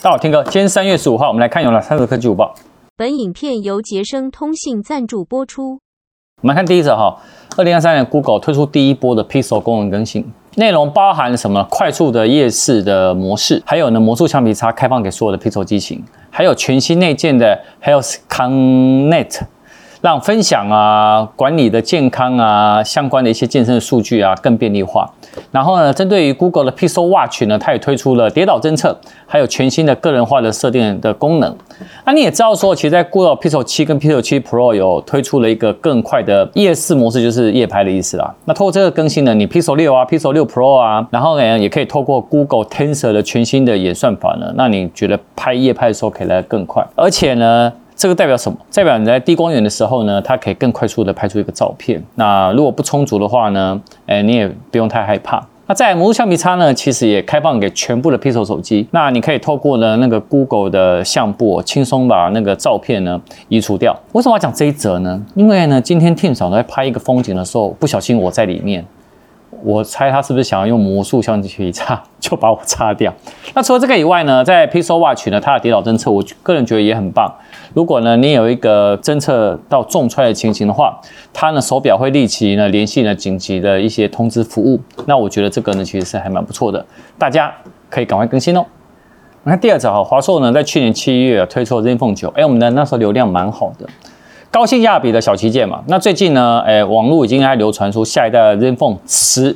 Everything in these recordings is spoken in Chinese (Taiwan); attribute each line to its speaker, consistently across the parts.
Speaker 1: 大家好，天哥，今天三月十五號，我們來看有哪三則科技午報。本影片由傑生通信贊助播出。我們來看第一則哈，二零二三年，Google 推出第一波的 Pixel 功能更新，內容包含什麼？快速的夜視的模式，還有呢，魔術橡皮擦開放給所有的 Pixel 機型，還有全新內建的 Health Connect。讓分享啊、管理的健康啊、相關的一些健身的數據啊更便利化。然後呢，針對於 Google 的 Pixel Watch 呢，它也推出了跌倒偵測，還有全新的個人化的設定的功能。那你也知道說，其實在 Google Pixel 7跟 Pixel 7 Pro 有推出了一個更快的夜視模式，就是夜拍的意思啦。那透過這個更新呢，你 Pixel 6啊、Pixel 6 Pro 啊，然後呢也可以透過 Google Tensor 的全新的演算法，呢，讓你覺得拍夜拍的時候可以來得更快，而且呢。這個代表什麼？代表你在低光源的時候呢，它可以更快速的拍出一個照片。那如果不充足的話呢，哎，你也不用太害怕。那在魔術橡皮擦呢，其實也開放給全部的 Pixel 手機。那你可以透過呢那個 Google 的相簿，輕鬆把那個照片呢移除掉。為什麼要講這一則呢？因為呢，今天 Tim 在拍一個風景的時候，不小心我在裡面。我猜他是不是想要用魔術橡皮擦去一擦就把我擦掉？那除了這個以外呢，在 Pixel Watch 呢，它的跌倒偵測，我個人覺得也很棒。如果呢你有一個偵測到重摔的情形的話，它呢手錶會立即呢聯繫呢緊急的一些通知服務。那我覺得這個呢其實是還蠻不錯的，大家可以趕快更新哦。那第二隻哈，華碩呢在去年七月推出了 ZenFone 九，哎，我們的那時候流量蠻好的。高性價比的小旗艦嘛，那最近呢，哎、欸，網絡已經在流傳出下一代的 Zenfone 10，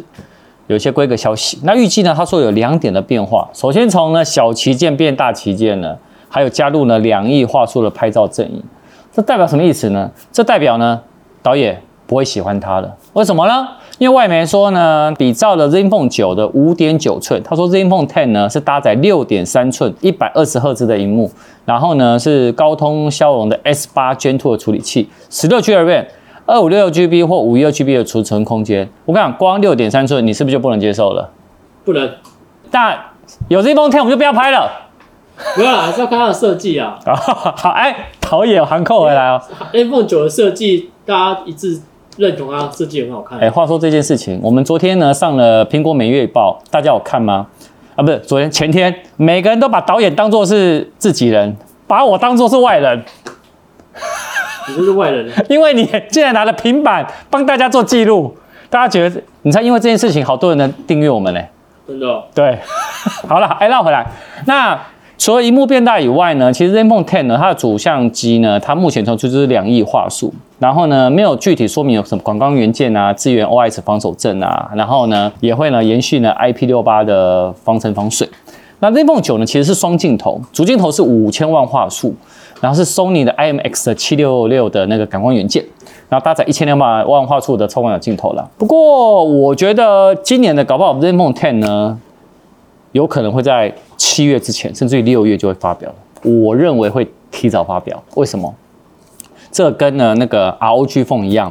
Speaker 1: 有些規格消息。那預計呢，他說有兩點的變化，首先從呢小旗艦變大旗艦呢，還有加入呢兩億畫素的拍照陣營。這代表什麼意思呢？這代表呢，導演。不會喜歡它的，為什麼呢？因為外媒說呢，比照了 Zenfone 9的 Zenfone 九的五點九寸，他說 Zenfone 10呢是搭載六點三寸、一百二十赫茲的螢幕，然後呢是高通驍龍的 S 八 Gen 2的處理器，十六 G RAM、二五六六 G B 或五一二 G B 的儲存空間。我跟你講光六點三寸，你是不是就不能接受了？不能。但有 Zenfone 10我們就不要拍了。不要啊，還是要看它的設計啊。好， 哎，導演喊扣回啦來哦。Zenfone 九的設計，大家一致。認同啊，自己很好看、欸。哎、欸，話說這件事情，我們昨天呢上了《蘋果每月一報》，大家有看嗎？啊，不是昨天前天，每個人都把導演當做是自己人，把我當做是外人。你不是外人， 因為你竟然拿了平板幫大家做記錄。大家覺得你猜，因為這件事情，好多人能訂閱我們嘞、欸。真的。對。好了，哎、欸，繞回來，那。除了熒幕變大以外呢，其實 Zenfone 10呢，它的主相機呢，它目前推出是兩億畫素，然後呢，沒有具體說明有什麼感光元件啊、支援 OIS 防手震啊，然後呢，也會呢延續呢 IP68 的防塵防水。那 Zenfone 9呢，其實是雙鏡頭，主鏡頭是五千萬畫素，然後是 Sony 的 IMX 的七六六的那個感光元件，然後搭載一千兩百萬畫素的超廣角鏡頭了。不過我覺得今年的搞不好 Zenfone 10呢。有可能會在七月之前，甚至於六月就會發表了。我認為會提早發表，為什麼？這個、跟呢那個 ROGone 一樣，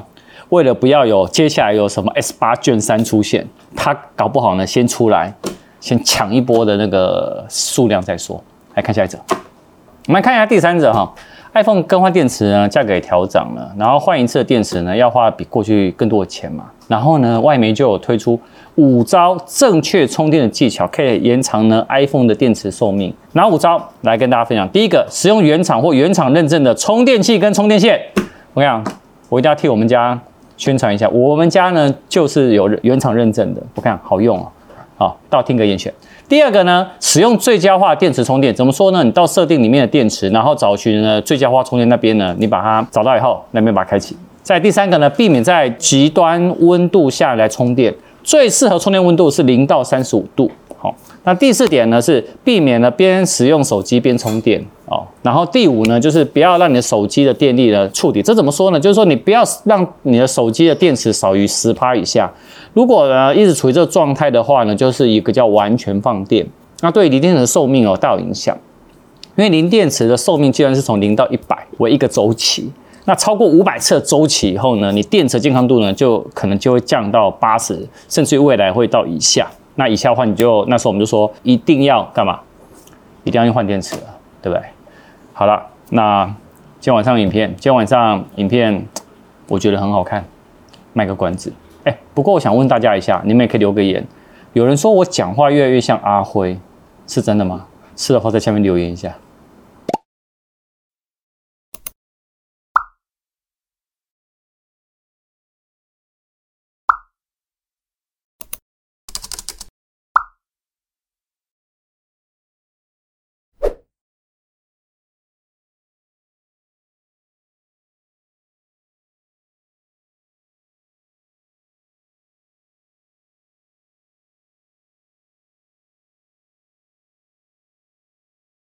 Speaker 1: 為了不要有接下來有什麼 S 八卷三出現，它搞不好呢先出來，先搶一波的那個數量再說。來看下一者，我們來看一下第三者哈。iPhone 更換電池呢，價格也調漲了，然後換一次電池呢，要花比過去更多的錢嘛。然後呢，外媒就有推出五招正確充電的技巧，可以延長呢 iPhone 的電池壽命。哪五招來跟大家分享。第一個，使用原廠或原廠認證的充電器跟充電線。我跟你講，我一定要替我們家宣傳一下，我們家呢就是有原廠認證的，我看好用哦。好，倒聽個音效。第二個呢，使用最佳化電池充電，怎麼說呢？你到設定裡面的電池，然後找尋呢最佳化充電那邊呢，你把它找到以後，那邊把它開啟。再第三個呢，避免在極端溫度下來充電，最適合充電溫度是零到三十五度。好。那第四點呢，是避免呢邊使用手機邊充電哦。然後第五呢，就是不要讓你的手機的電力呢觸底。這怎麼說呢？就是說你不要讓你的手機的電池少於十趴以下。如果呢一直處於這個狀態的話呢，就是一個叫完全放電。那對鋰電池的壽命哦，大有影響。因為鋰電池的壽命居然是從零到一百為一個週期。那超過五百次週期以後呢，你電池健康度呢就可能就會降到八十，甚至於未來會到以下。那以下的話你就那時候我們就說一定要幹嘛？一定要用換電池了，對不對？好了，那今天晚上影片，今天晚上影片我覺得很好看，賣個關子。哎、欸，不過我想問大家一下，你們也可以留個言。有人說我講話越來越像阿輝，是真的嗎？是的話在下面留言一下。